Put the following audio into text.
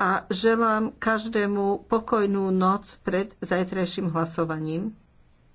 a želám každému pokojnú noc pred zajtrajším hlasovaním.